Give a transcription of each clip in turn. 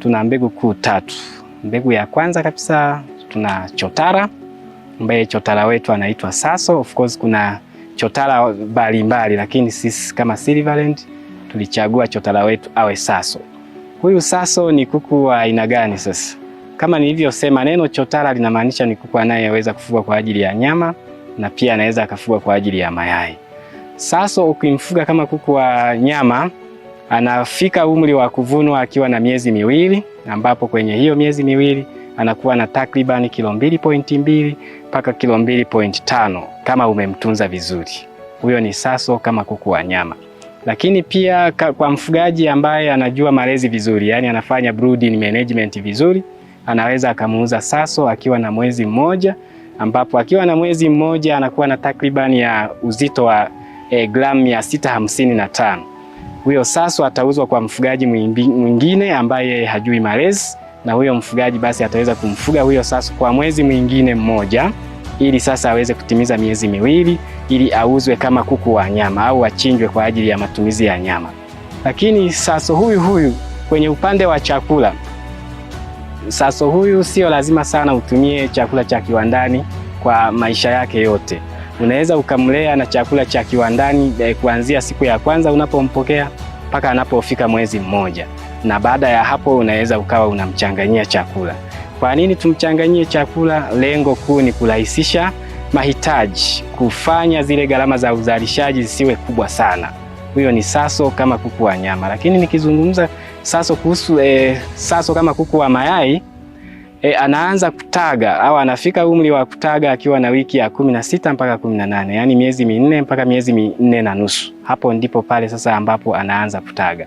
Tuna mbegu kuu tatu. Mbegu ya kwanza kabisa tuna chotara ambaye chotara wetu anaitwa Sasso. Of course kuna chotara mbalimbali, mbali, lakini sisi kama Silverland tulichagua chotara wetu awe Sasso. Huyu Sasso ni kuku wa aina gani? Sasa kama nilivyosema, neno chotara linamaanisha ni kuku anayeweza kufuga kwa ajili ya nyama na pia anaweza akafugwa kwa ajili ya mayai. Sasso ukimfuga kama kuku wa nyama Anafika umri wa kuvunwa akiwa na miezi miwili, ambapo kwenye hiyo miezi miwili anakuwa na takriban kilo 2.2 mpaka kilo 2.5 kama umemtunza vizuri. Huyo ni Saso kama kuku wa nyama. Lakini pia kwa mfugaji ambaye anajua malezi vizuri, yani anafanya brooding management vizuri, anaweza akamuuza Saso akiwa na mwezi mmoja, ambapo akiwa na mwezi mmoja anakuwa na takriban ya uzito wa eh, gramu 655 huyo sasa atauzwa kwa mfugaji mwingine ambaye hajui malezi, na huyo mfugaji basi ataweza kumfuga huyo sasa kwa mwezi mwingine mmoja, ili sasa aweze kutimiza miezi miwili, ili auzwe kama kuku wa nyama au achinjwe kwa ajili ya matumizi ya nyama. Lakini sasa huyu huyu kwenye upande wa chakula, sasa huyu sio lazima sana utumie chakula cha kiwandani kwa maisha yake yote. Unaweza ukamlea na chakula cha kiwandani eh, kuanzia siku ya kwanza unapompokea mpaka anapofika mwezi mmoja, na baada ya hapo unaweza ukawa unamchanganyia chakula. Kwa nini tumchanganyie chakula? Lengo kuu ni kurahisisha mahitaji, kufanya zile gharama za uzalishaji zisiwe kubwa sana. Huyo ni Saso kama kuku wa nyama, lakini nikizungumza Saso kuhusu eh, Saso kama kuku wa mayai e, anaanza kutaga au anafika umri wa kutaga akiwa na wiki ya kumi na sita mpaka kumi na nane yaani miezi minne mpaka miezi minne na nusu. Hapo ndipo pale sasa ambapo anaanza kutaga.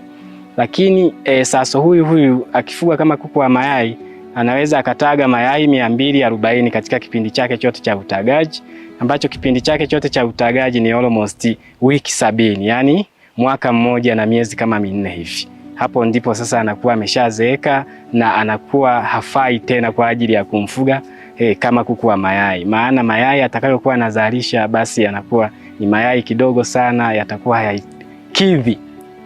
Lakini e, saso huyu huyu akifuga kama kuku wa mayai anaweza akataga mayai mia mbili arobaini katika kipindi chake chote cha utagaji ambacho kipindi chake chote cha utagaji ni almost wiki sabini, yani mwaka mmoja na miezi kama minne hivi hapo ndipo sasa anakuwa ameshazeeka na anakuwa hafai tena kwa ajili ya kumfuga eh, kama kuku wa mayai. Maana mayai atakayokuwa anazalisha basi yanakuwa ni mayai kidogo sana, yatakuwa hayakidhi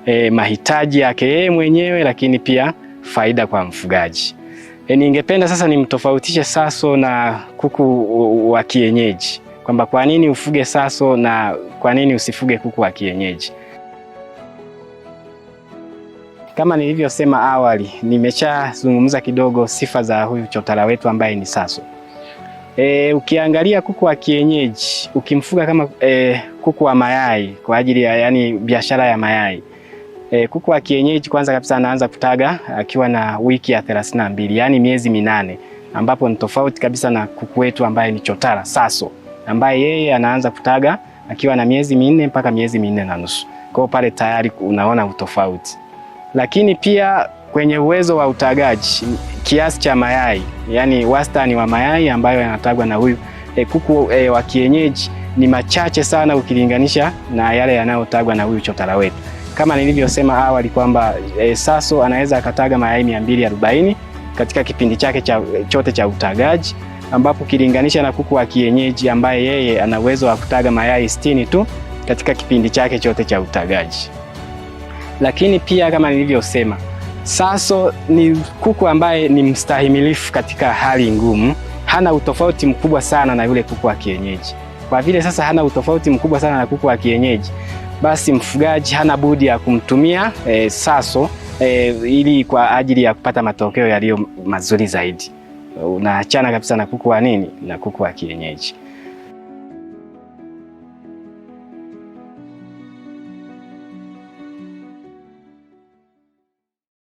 eh, mahitaji yake yeye mwenyewe, lakini pia faida kwa mfugaji. E, ningependa sasa nimtofautishe Saso na kuku wa kienyeji, kwamba kwa nini ufuge Saso na kwa nini usifuge kuku wa kienyeji. Kama nilivyosema awali, nimeshazungumza kidogo sifa za huyu chotara wetu ambaye ni Saso. E, ukiangalia kuku wa kienyeji ukimfuga kama e, kuku wa mayai kwa ajili ya yani biashara ya mayai e, kuku wa kienyeji kwanza kabisa anaanza kutaga akiwa na wiki ya thelathini na mbili yani miezi minane, ambapo ni tofauti kabisa na kuku wetu ambaye ni chotara Saso ambaye yeye anaanza kutaga akiwa na miezi minne mpaka miezi minne na nusu. Kwa pale tayari unaona utofauti lakini pia kwenye uwezo wa utagaji, kiasi cha mayai, yani wastani wa mayai ambayo yanatagwa na huyu e, kuku e, wa kienyeji ni machache sana ukilinganisha na yale yanayotagwa na huyu chotara wetu. Kama nilivyosema awali kwamba e, eh, Saso anaweza akataga mayai 240 katika kipindi chake cha, chote cha utagaji ambapo ukilinganisha na kuku wa kienyeji ambaye yeye ana uwezo wa kutaga mayai 60 tu katika kipindi chake chote cha utagaji lakini pia kama nilivyosema, Saso ni kuku ambaye ni mstahimilifu katika hali ngumu, hana utofauti mkubwa sana na yule kuku wa kienyeji. Kwa vile sasa hana utofauti mkubwa sana na kuku wa kienyeji, basi mfugaji hana budi ya kumtumia e, eh, Saso e, eh, ili kwa ajili ya kupata matokeo yaliyo mazuri zaidi. Unaachana kabisa na kuku wa nini, na kuku wa kienyeji.